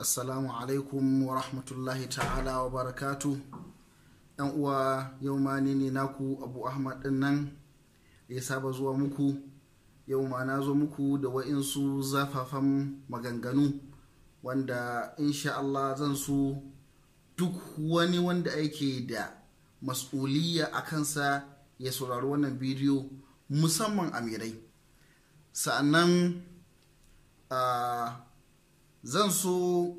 assalamu alaikum wa rahmatullahi ta'ala wa barakatu yan uwa yau ma ni ne naku abu ahmad din nan da ya saba zuwa muku yau ma na zo muku da wa'insu zafafan maganganu wanda insha Allah zan so duk wani wanda yake da mas'uliyya a kansa ya saurari wannan bidiyo musamman amirai sa'annan uh, zan so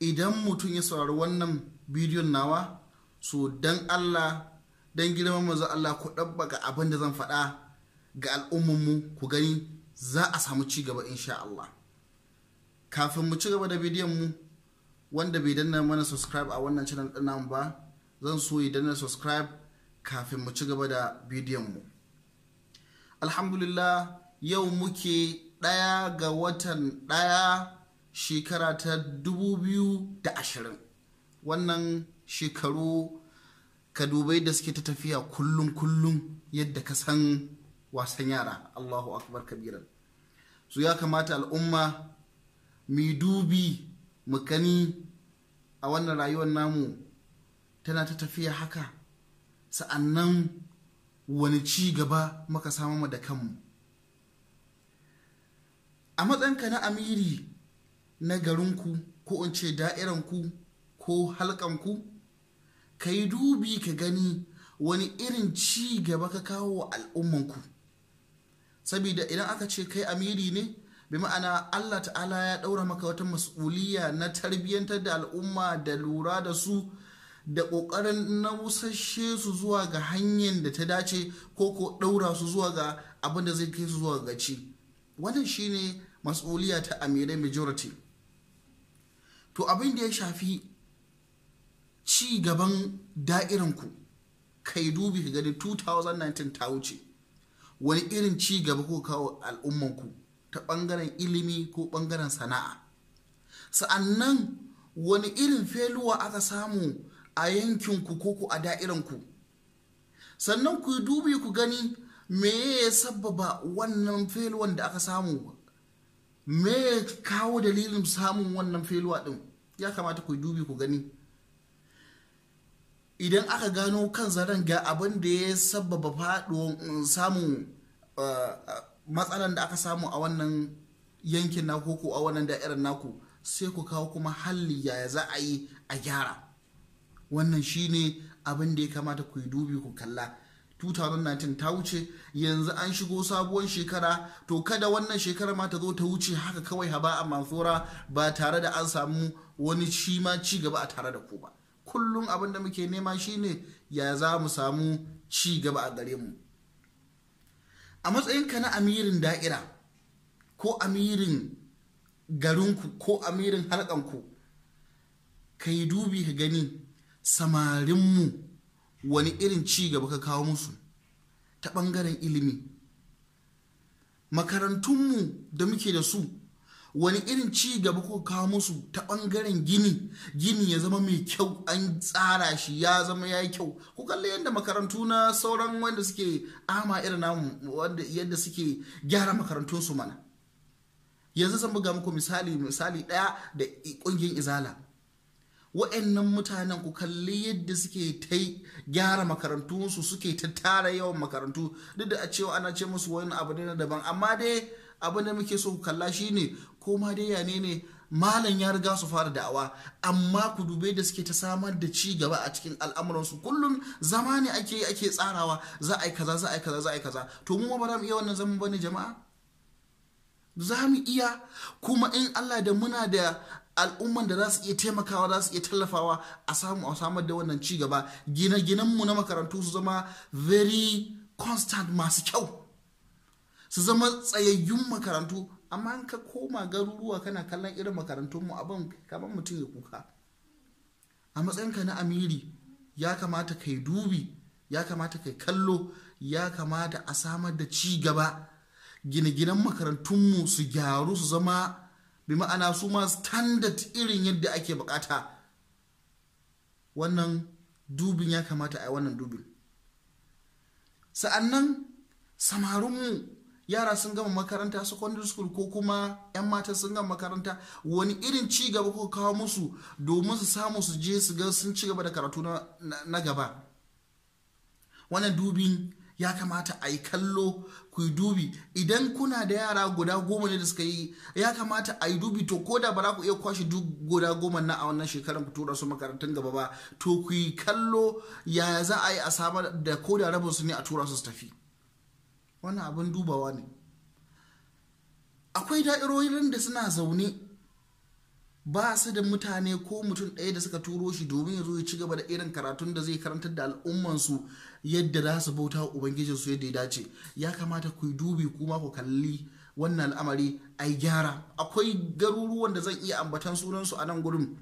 idan mutum ya saurari wannan bidiyon nawa so dan Allah dan girman manzo Allah ku ɗabbaka abin da zan faɗa ga al'ummanmu ku gani za a samu ci gaba insha Allah kafin mu ci gaba da bidiyon mu wanda bai danna mana subscribe a wannan channel din namu ba zan so ya danna subscribe kafin mu ci gaba da bidiyon mu alhamdulillah yau muke ɗaya ga watan ɗaya shekara ta 2020 wannan shekaru ka dubai da suke ta tafiya kullum kullum yadda ka san wasan yara allahu akbar kabiran su ya kamata al'umma mai dubi mu gani a wannan rayuwar namu tana ta tafiya haka sa'annan wani ci gaba muka samu da kanmu a matsayinka na amiri na garinku ko in ce da'iranku ko halkanku ka yi dubi ka gani wani irin ci gaba ka kawo wa al'ummanku saboda idan aka ce kai amiri ne bi ma'ana Allah ta'ala ya ɗaura maka wata mas'uliya na tarbiyyantar da al'umma da lura da su da ƙoƙarin nausashe su zuwa ga hanyar da ta dace ko ko ɗaura su zuwa ga abin da zai kai su zuwa ga gaci wannan shine mas'uliya ta amirai majority to abin da ya shafi ci gaban da'iranku kai dubi ka gani 2019 ta wuce wani irin ci gaba ko kawo al'ummanku ta bangaren ilimi ko bangaren sana'a sa'annan wani irin feluwa aka samu a yankinku ko ku a da'irinku sannan ku dubi ku gani me ya sababa wannan feluwan da aka samu me kawo dalilin samun wannan feluwa din ya kamata ku dubi ku gani idan aka gano kan zaren ga abin da ya sababa faɗuwan mm, samun uh, uh, matsalan da aka samu a wannan yankin naku ko a wannan da'irar naku sai ku kawo kuma halli yaya za a yi a gyara wannan shine abin da ya kamata ku dubi ku kalla 2019 ta wuce yanzu an shigo sabuwar shekara to kada wannan shekara ma ta zo ta wuce haka kawai haba a mansura ba tare da an samu wani shi ma ci gaba a tare da ku ba kullum abin da muke nema shine ya za mu samu ci gaba a gare mu a matsayin ka na amirin da'ira ko amirin garinku ko amirin halkanku ka yi dubi ka gani samarinmu wani irin ci gaba ka kawo musu ta ɓangaren ilimi makarantunmu da muke da su wani irin ci gaba ko kawo musu ta ɓangaren gini gini ya zama mai kyau an tsara shi ya zama ya yi kyau ku kalli yadda makarantu na sauran wanda suke ama irin namu yadda suke gyara makarantunsu mana yanzu zan buga muku misali misali ɗaya da ƙungiyar izala wa'annan mutanen ku kalli yadda suke ta gyara makarantunsu suke ta tara yawan makarantu duk da a cewa ana ce musu wani abu ne na daban amma dai abin da muke so ku kalla shi ne. ko ma dai yane ne malam ya riga su fara da'awa amma ku dube da suke ta samar da ci gaba a cikin al'amuransu kullum zama ne ake yi ake tsarawa za a yi kaza za a yi kaza za a yi kaza to mu ba za mu iya wannan zaman bane jama'a za mu iya kuma in Allah da muna da al'umman da za su iya taimakawa za su iya tallafawa a samu a samar da wannan ci gaba gine mu na makarantu su zama very constant masu kyau su zama tsayayyun makarantu amma in ka koma garuruwa kana kallon irin mu abin kamar mutum ya kuka a matsayinka na amiri ya kamata kai dubi ya kamata kai kallo ya kamata a samar da ci gaba gine-ginen makarantunmu su gyaru su zama bi ma'ana su ma standard irin yadda ake bukata wannan dubin ya kamata a yi wannan dubin sa'annan samarinmu yara sun gama makaranta secondary school ko kuma 'yan mata sun gama makaranta wani irin ci gaba ko kawo musu domin su samu su je su ga sun ci gaba da karatu na, gaba wannan dubin ya kamata a yi kallo ku yi dubi idan kuna da yara guda goma ne da suka yi ya kamata a yi dubi to ko da ba za ku iya kwashe duk guda goma na a wannan shekarar ku tura su makarantun gaba ba to ku yi kallo yaya za a yi a samar da ko da rabin su ne a tura su tafi wannan abin dubawa ne akwai da'irorin da suna zaune ba su da mutane ko mutum ɗaya da suka turo shi domin ya zo ya ci gaba da irin karatun da zai karantar da al'ummansu yadda za su bauta wa ubangijinsu yadda ya dace ya kamata ku yi dubi kuma ku kalli wannan al'amari a gyara akwai garuruwan da zan iya ambatan sunansu a nan gurin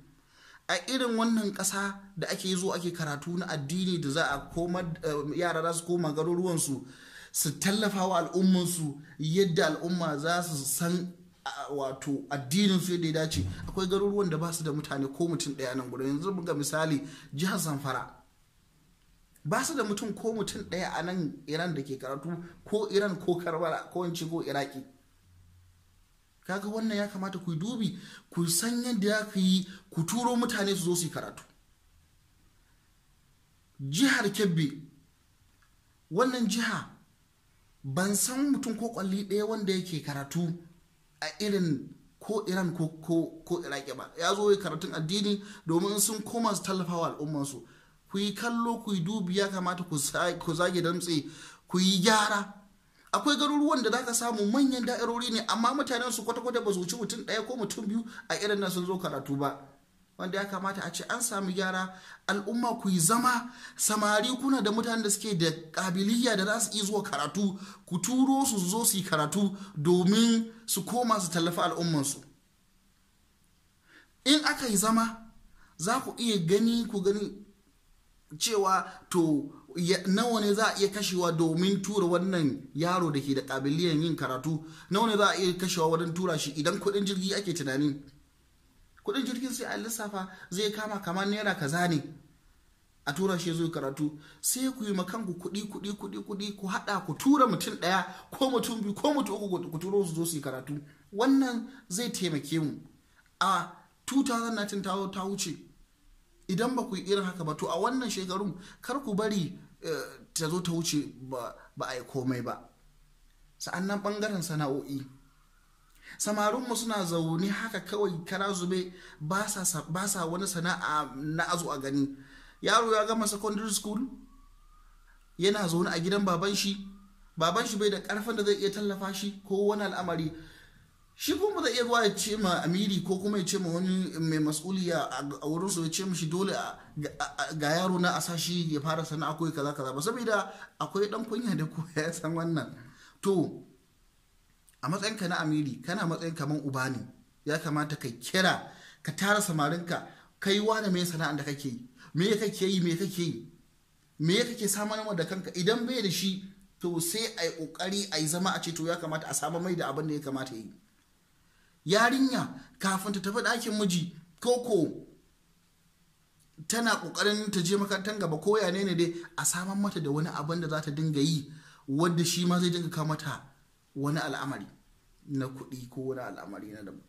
a irin wannan ƙasa da ake zo ake karatu na addini da za a koma eh, yara za su koma garuruwansu su tallafa wa al'ummansu yadda al'umma za su san wato addinin su yadda ya dace akwai garuruwan da ba su da mutane ko mutum ɗaya nan gudun yanzu buga misali jihar zamfara ba su da mutum ko mutum ɗaya a nan iran da ke karatu ko iran ko karbala ko wance ko iraki kaga wannan ya kamata ku yi dubi ku san yadda ya ku yi ku turo mutane su zo su yi karatu jihar kebbi wannan jiha ban san mutum ko kwalli ɗaya wanda yake karatu a irin ko iran ko ko ko iraki ba ya zo karatun addini domin sun koma su tallafawa al'ummarsu ku yi kallo ku yi dubi ya kamata ku zage damtse ku yi gyara akwai garuruwan da zaka samu manyan da'irori ne amma mutanen su kwata-kwata ba su wuce mutum ɗaya ko mutum biyu a irin nan sun zo karatu ba wanda ya kamata a ce an sami gyara al'umma ku yi zama samari kuna da mutanen da suke da kabiliya da za su iya zuwa karatu ku turo su zo su yi karatu domin su koma su tallafa al'ummansu in aka yi zama za ku iya gani ku gani cewa to nawa ne za a iya kashewa domin tura wannan yaro da ke da kabiliyan yin karatu nawa ne za a iya kashewa wajen tura shi idan kuɗin jirgi ake tunani kudin jirgin sai a lissafa zai kama kamar naira kaza ne a tura shi zo karatu sai ku yi makanku kuɗi kuɗi kuɗi kuɗi ku haɗa ku tura mutum ɗaya ko mutum biyu ko mutum uku ku turo su zo su yi karatu wannan zai taimake mu a 2019 ta wuce idan ba ku yi irin haka ba to a wannan shekarun kar ku bari eh, ta zo ta wuce ba a yi komai ba sa'annan bangaren sana'o'i samarinmu suna zaune haka kawai kara zube ba sa wani sana'a na azu a gani yaro ya gama secondary school yana zaune a gidan baban shi baban shi bai da karfin da zai iya tallafa shi ko wani al'amari shi kuma zai iya zuwa ya ce ma amiri ko kuma ya ce ma wani mai mas'uliya a wurin su ya ce mishi dole ga yaro na a sashi ya fara sana'a ko kaza kaza ba saboda akwai dan kunya da koya ya san wannan to a matsayinka na amiri kana matsayin kaman uba ne ya kamata ka kira ka tara samarinka kai wane mai sana'an da kake yi me kake yi me kake yi me kake samun da kanka idan bai da shi to sai a yi kokari a yi zama a ce to ya kamata a samu mai da abin da ya kamata yi yarinya kafin ta tafi ɗakin miji koko tana kokarin ta je makarantar gaba ko ya ne dai a saman mata da wani abin da za ta dinga yi wanda shi ma zai dinga kawo mata wani al'amari na kuɗi ko wani al'amari na daban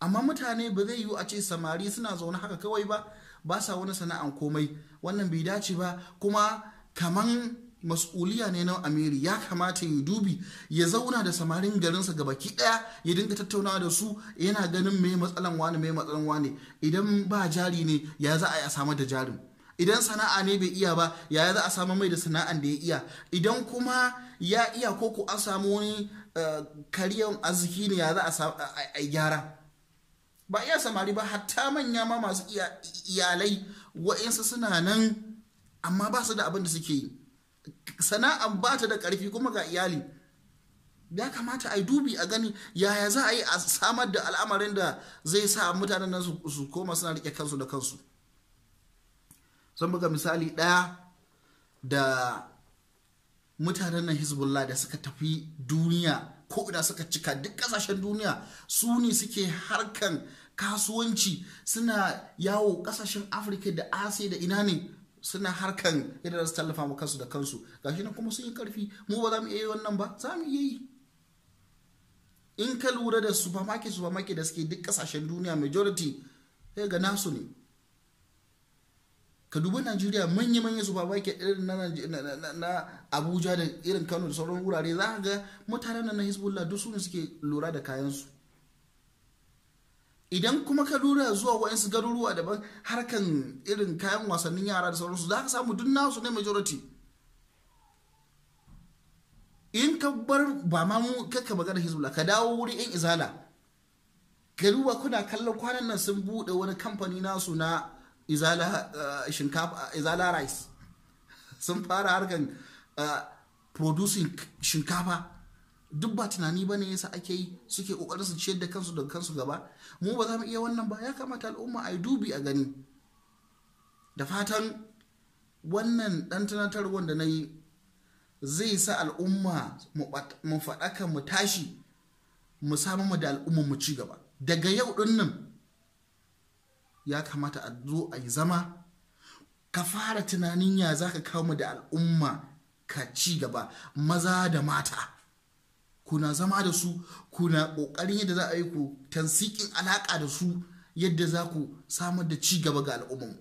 amma mutane ba zai yiwu a ce samari suna zaune haka kawai ba ba sa wani sana'an komai wannan bai dace ba kuma kaman mas'uliya ne na amiri ya kamata ya dubi ya zauna da samarin garinsa ga baki daya ya dinga tattaunawa da su yana ganin mai matsalan wani mai matsalan wani idan ba jari ne ya za a yi a samar da jarin idan sana'a ne bai iya ba yaya za a samu mai da sana'an da ya iya idan kuma ya iya ko ku a samu wani eh, kariyar arziki ne ya za a gyara ba iya samari ba hatta manya ma masu iyalai wa'insu suna nan amma ba su da abin da suke yi sana'an ba ta da ƙarfi kuma ga iyali ya kamata a yi dubi a gani yaya za a yi a samar da al'amarin da zai sa mutanen nan su koma suna riƙe kansu da kansu zan buga misali ɗaya da mutanen nan hezbollah da suka tafi duniya ko ina suka cika duk ƙasashen duniya su ne suke harkan kasuwanci suna yawo ƙasashen afirka da asiya da ina ne suna harkan yadda su tallafa mu kansu da kansu Ga shi na kuma sun yi karfi mu ba za mu iya yi wannan ba za mu iya yi in ka lura da supermarket supermarket da suke duk kasashen duniya majority sai ga nasu ne ka dubi najeriya manya-manya su babaki irin na abuja da irin kano da sauran wurare za ga mutanen na hezbollah duk su suke lura da kayansu idan kuma ka lura zuwa wa'insu garuruwa daban harkan irin kayan wasannin yara da sauransu za ka samu duk nasu ne majority in ka bar ba ma mu kakka magana hezbollah ka dawo wuri yan izala garuwa kuna kallon kwanan nan sun buɗe wani kamfani nasu na Eh, eh, izala rice sun fara harkan eh, producing shinkafa duk ba tunani ba ne yasa ake yi suke kokarin su ciyar da kansu da kansu gaba mu ba za mu iya wannan ba ya kamata al'umma a dubi a gani da fatan wannan dan tunatarwar da na yi zai sa al'umma mu faɗaka mu tashi mu samu mu da al'umma mu ci gaba daga yau din nan ya kamata a zo a yi zama ka fara tunanin ya za ka kawo da al'umma ka ci gaba maza da mata kuna zama da su kuna ƙoƙarin yadda za a yi ku tansikin alaƙa da su yadda za ku samar da ci gaba ga al'umma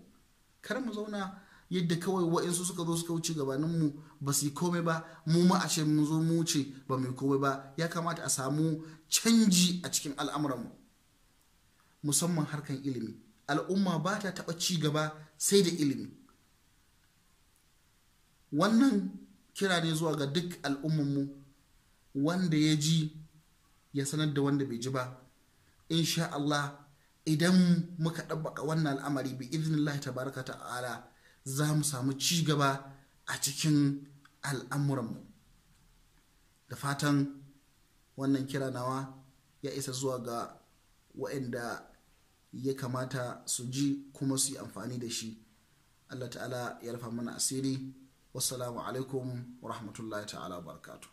kar mu zauna yadda kawai wa'insu suka zo suka wuce gabaninmu ba su yi komai ba mu ma a ce mu zo mu wuce ba mu yi komai ba ya kamata a samu canji a cikin al'amuranmu musamman harkan ilimi al'umma ba ta taɓa ci gaba sai da ilimi wannan kira ne zuwa ga duk al'ummanmu wanda ya ji ya sanar da wanda bai ji ba insha Allah idan muka ɗabbaka wannan al'amari bi idinillahi tabaraka ta'ala za mu samu ci gaba a cikin al'amuranmu da fatan wannan kira nawa ya isa zuwa ga waɗanda ya kamata su ji kuma su yi amfani da shi allah ta'ala ya rufa mana asiri wasu alaikum wa rahmatullahi ta'ala barakatu.